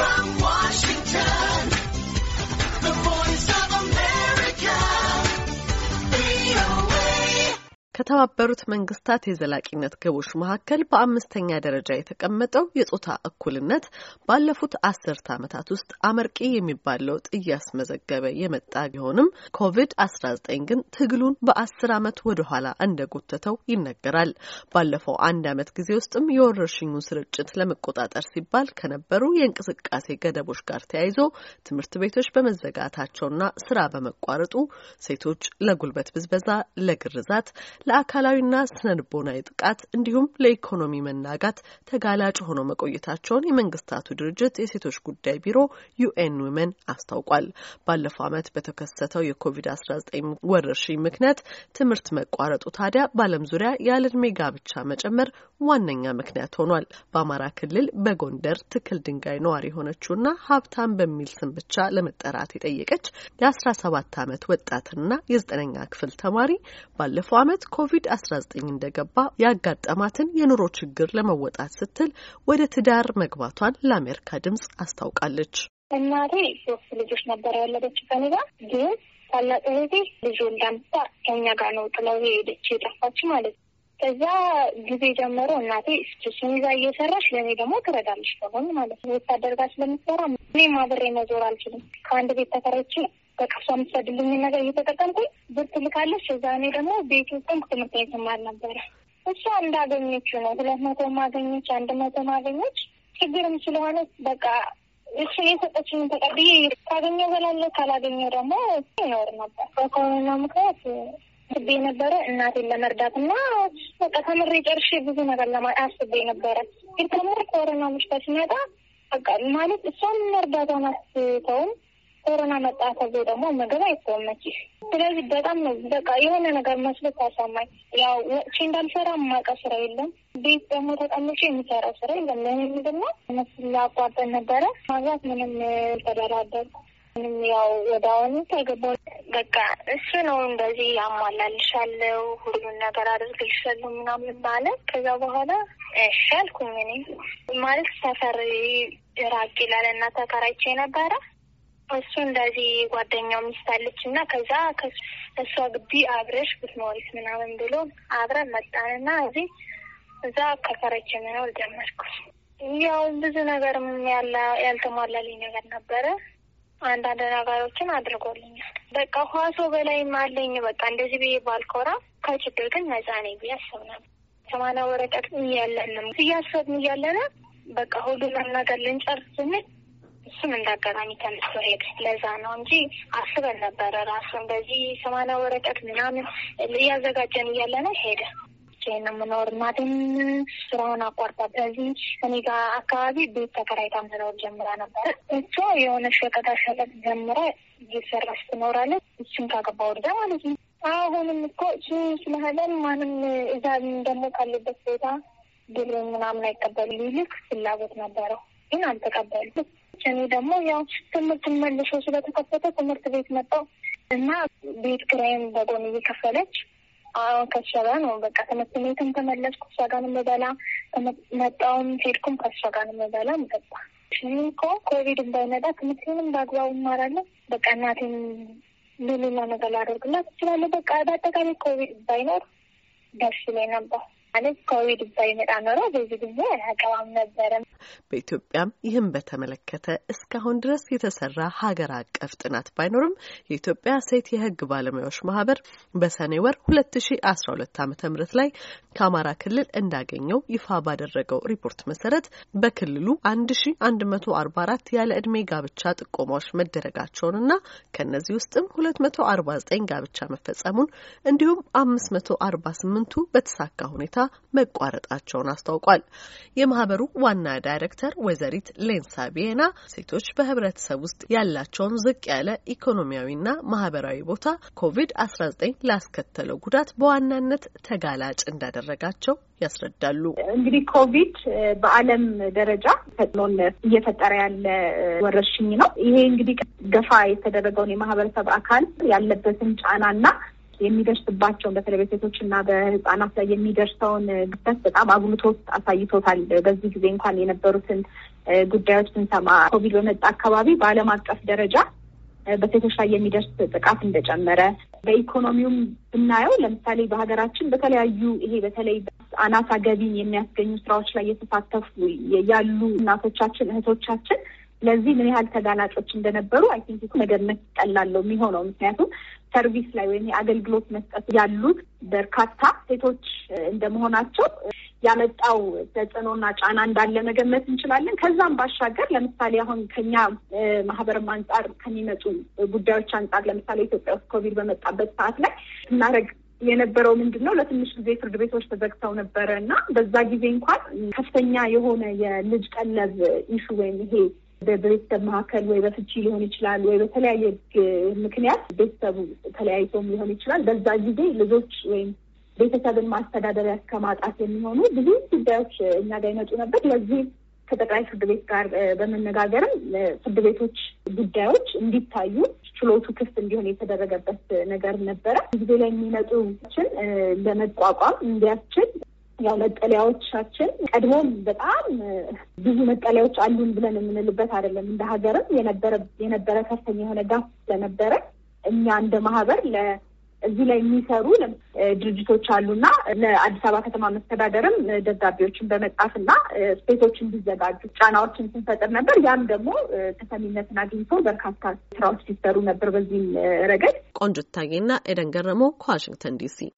Go. ከተባበሩት መንግስታት የዘላቂነት ግቦች መካከል በአምስተኛ ደረጃ የተቀመጠው የጾታ እኩልነት ባለፉት አስርት ዓመታት ውስጥ አመርቂ የሚባል ለውጥ እያስመዘገበ የመጣ ቢሆንም ኮቪድ 19 ግን ትግሉን በአስር ዓመት ወደኋላ እንደጎተተው ይነገራል። ባለፈው አንድ ዓመት ጊዜ ውስጥም የወረርሽኙ ስርጭት ለመቆጣጠር ሲባል ከነበሩ የእንቅስቃሴ ገደቦች ጋር ተያይዞ ትምህርት ቤቶች በመዘጋታቸውና ስራ በመቋረጡ ሴቶች ለጉልበት ብዝበዛ፣ ለግርዛት፣ ለአካላዊና ስነልቦናዊ ጥቃት እንዲሁም ለኢኮኖሚ መናጋት ተጋላጭ ሆኖ መቆየታቸውን የመንግስታቱ ድርጅት የሴቶች ጉዳይ ቢሮ ዩኤን ዊመን አስታውቋል። ባለፈው ዓመት በተከሰተው የኮቪድ-19 ወረርሽኝ ምክንያት ትምህርት መቋረጡ ታዲያ በዓለም ዙሪያ ያለዕድሜ ጋብቻ መጨመር ዋነኛ ምክንያት ሆኗል። በአማራ ክልል በጎንደር ትክል ድንጋይ ነዋሪ የሆነችውና ሀብታም በሚል ስም ብቻ ለመጠራት የጠየቀች የ17 ዓመት ወጣትና የዘጠነኛ ክፍል ተማሪ ባለፈው ዓመት ኮቪድ-19 እንደገባ ያጋጠማትን የኑሮ ችግር ለመወጣት ስትል ወደ ትዳር መግባቷን ለአሜሪካ ድምጽ አስታውቃለች። እናቴ ሶስት ልጆች ነበር ያለበች ከኔ ጋር ግን ታላቅ እህቴ ልጁ እንዳምጣ ከኛ ጋር ነው ጥለው ሄደች የጠፋች ማለት ነው። ከዛ ጊዜ ጀምሮ እናቴ ስቱሽን ይዛ እየሰራች ለእኔ ደግሞ ትረዳለች ከሆን ማለት ነው። ወታደር ጋር ስለምትሰራ እኔ ማብሬ መዞር አልችልም። ከአንድ ቤት ተከራይቼ በቃ እሷ ነገር እየተጠቀምኩኝ ብር ትልካለች። እዛ እኔ ደግሞ ቤት ውስጥም ትምህርት ቤት እማር ነበረ። እሷ እንዳገኘችው ነው ሁለት መቶ ማገኘች፣ አንድ መቶ ማገኘች። ችግርም ስለሆነ በቃ እሱ የሰጠችን ተቀብዬ ካገኘ በላለ ካላገኘ ደግሞ ይኖር ነበር። በኮሮና ምክንያት አስቤ ነበረ እናቴን ለመርዳት እና በቃ ተምሬ ጨርሼ ብዙ ነገር ለማ- አስቤ ነበረ። ግን ተምር ኮሮና ምሽታ ሲመጣ በቃ ማለት እሷን መርዳቷን አስተውም ኮሮና መጣ ተብሎ ደግሞ ምግብ አይተመችሽ። ስለዚህ በጣም በቃ የሆነ ነገር መስሎ ታሳማኝ። ያው ወጥቼ እንዳልሰራ ማቀ ስራ የለም፣ ቤት ደግሞ ተቀምጬ የሚሰራ ስራ የለም። ይህም ደግሞ መስ መስላ ነበረ ማዛት ምንም ተደራደርኩ ምንም ያው ወደ አሁኑ ተገባው በቃ እሱ ነው እንደዚህ አሟላልሻለሁ ሁሉን ነገር አድርግልሻለሁ ምናምን ማለት። ከዛ በኋላ እሺ አልኩኝ። እኔ ማለት ሰፈር ራቅ ይላል እና ተከራይቼ ነበረ እሱ እንደዚህ ጓደኛው ሚስት አለች እና ከዛ እሷ ግቢ አብረሽ ብትኖሪስ ምናምን ብሎ አብረን መጣንና እዚህ እዛ ከፈረች መኖር ጀመርኩ። ያው ብዙ ነገር ያልተሟላልኝ ነገር ነበረ። አንዳንድ ነገሮችን አድርጎልኛል። በቃ ኋሶ በላይም አለኝ። በቃ እንደዚህ ብዬ ባልኮራ ከችግር ግን ነፃ ነኝ ብዬ አስብ ነበር። ወረቀት እያለንም እያሰብን እያለነ በቃ ሁሉ መናገር ልንጨርስ ስንል እሱም እንዳጋጣሚ ተነስቶ ሄደ። ለዛ ነው እንጂ አስበን ነበረ ራሱን በዚህ ሰማና ወረቀት ምናምን እያዘጋጀን እያለ ነው ሄደ። ብቻዬን ነው የምኖር። እናቴም ስራውን አቋርጣ በዚህ እኔ ጋ አካባቢ ቤት ተከራይታ መኖር ጀምራ ነበረ። እሷ የሆነ ሸቀጣ ሸቀጥ ጀምረ እየሰራች ትኖራለች። እሱን ካገባ ወርዳ ማለት ነው። አሁንም እኮ እሱ ስለህለን ማንም እዛ ደግሞ ካለበት ቦታ ብር ምናምን አይቀበሉ። ይልክ ፍላጎት ነበረው ግን አልተቀበሉ ተማሪዎች። እኔ ደግሞ ያው ትምህርት መልሶ ስለተከፈተ ትምህርት ቤት መጣው እና ቤት ክራይም በጎን እየከፈለች አሁን ከእሷ ጋር ነው በቃ ትምህርት ቤትም ተመለስኩ፣ እሷ ጋር ነው የምበላ። መጣውም ሄድኩም ከእሷ ጋር ነው የምበላ ምጠጣ እኮ ኮቪድ እንዳይመጣ ትምህርትንም በአግባቡ እማራለሁ። በቃ እናቴም ልሉና ነገር ላደርግላት እችላለሁ። በቃ በአጠቃላይ ኮቪድ ባይኖር ደስ ይለኝ ነበር። ማለት ኮቪድ ባይመጣ ኖሮ በዚህ ጊዜ አቀባም ነበረ። በኢትዮጵያም ይህን በተመለከተ እስካሁን ድረስ የተሰራ ሀገር አቀፍ ጥናት ባይኖርም የኢትዮጵያ ሴት የሕግ ባለሙያዎች ማህበር በሰኔ ወር ሁለት ሺ አስራ ሁለት አመተ ምህረት ላይ ከአማራ ክልል እንዳገኘው ይፋ ባደረገው ሪፖርት መሰረት በክልሉ አንድ ሺ አንድ መቶ አርባ አራት ያለ እድሜ ጋብቻ ጥቆማዎች መደረጋቸውንና ከእነዚህ ውስጥም ሁለት መቶ አርባ ዘጠኝ ጋብቻ መፈጸሙን እንዲሁም አምስት መቶ አርባ ስምንቱ በተሳካ ሁኔታ መቋረጣቸውን አስታውቋል። የማህበሩ ዋና ዳይሬክተር ወይዘሪት ሌንሳ ቢየና ሴቶች በህብረተሰብ ውስጥ ያላቸውን ዝቅ ያለ ኢኮኖሚያዊና ማህበራዊ ቦታ ኮቪድ-19 ላስከተለው ጉዳት በዋናነት ተጋላጭ እንዳደረጋቸው ያስረዳሉ። እንግዲህ ኮቪድ በዓለም ደረጃ ፈጥኖን እየፈጠረ ያለ ወረርሽኝ ነው። ይሄ እንግዲህ ገፋ የተደረገውን የማህበረሰብ አካል ያለበትን ጫናና የሚደርስባቸውን በተለይ በሴቶችና በህጻናት ላይ የሚደርሰውን ግፈት በጣም አጉልቶ አሳይቶታል። በዚህ ጊዜ እንኳን የነበሩትን ጉዳዮች ስንሰማ ኮቪድ በመጣ አካባቢ በዓለም አቀፍ ደረጃ በሴቶች ላይ የሚደርስ ጥቃት እንደጨመረ በኢኮኖሚውም ብናየው ለምሳሌ በሀገራችን በተለያዩ ይሄ በተለይ አናሳ ገቢ የሚያስገኙ ስራዎች ላይ የተሳተፉ ያሉ እናቶቻችን እህቶቻችን ለዚህ ምን ያህል ተጋላጮች እንደነበሩ አይ ቲንክ መገመት ይቀላለው የሚሆነው ምክንያቱም ሰርቪስ ላይ ወይም የአገልግሎት መስጠት ያሉት በርካታ ሴቶች እንደመሆናቸው ያመጣው ተጽዕኖና ጫና እንዳለ መገመት እንችላለን። ከዛም ባሻገር ለምሳሌ አሁን ከኛ ማህበርም አንጻር ከሚመጡ ጉዳዮች አንጻር ለምሳሌ ኢትዮጵያ ውስጥ ኮቪድ በመጣበት ሰዓት ላይ እናደረግ የነበረው ምንድን ነው? ለትንሽ ጊዜ ፍርድ ቤቶች ተዘግተው ነበረ እና በዛ ጊዜ እንኳን ከፍተኛ የሆነ የልጅ ቀለብ ኢሹ ወይም ይሄ በቤተሰብ መካከል ወይ በፍቺ ሊሆን ይችላል ወይ በተለያየ ምክንያት ቤተሰቡ ተለያይቶም ሊሆን ይችላል። በዛ ጊዜ ልጆች ወይም ቤተሰብን ማስተዳደሪያ እስከማጣት የሚሆኑ ብዙ ጉዳዮች እኛ ጋር ይመጡ ነበር። ለዚህ ከጠቅላይ ፍርድ ቤት ጋር በመነጋገርም ፍርድ ቤቶች ጉዳዮች እንዲታዩ ችሎቱ ክፍት እንዲሆን የተደረገበት ነገር ነበረ። ጊዜ ላይ የሚመጡችን ለመቋቋም እንዲያስችል ያው መጠለያዎቻችን ቀድሞም በጣም ብዙ መጠለያዎች አሉን ብለን የምንልበት አይደለም። እንደ ሀገርም የነበረ ከፍተኛ የሆነ ጋፍ ስለነበረ እኛ እንደ ማህበር እዚህ ላይ የሚሰሩ ድርጅቶች አሉና ለአዲስ አበባ ከተማ መስተዳደርም ደብዳቤዎችን በመጻፍና ስፔቶች እንዲዘጋጁ ጫናዎችን ስንፈጥር ነበር። ያም ደግሞ ተሰሚነትን አግኝቶ በርካታ ስራዎች ሲሰሩ ነበር። በዚህም ረገድ ቆንጆ ታጌና ኤደን ገረመው ከዋሽንግተን ዲሲ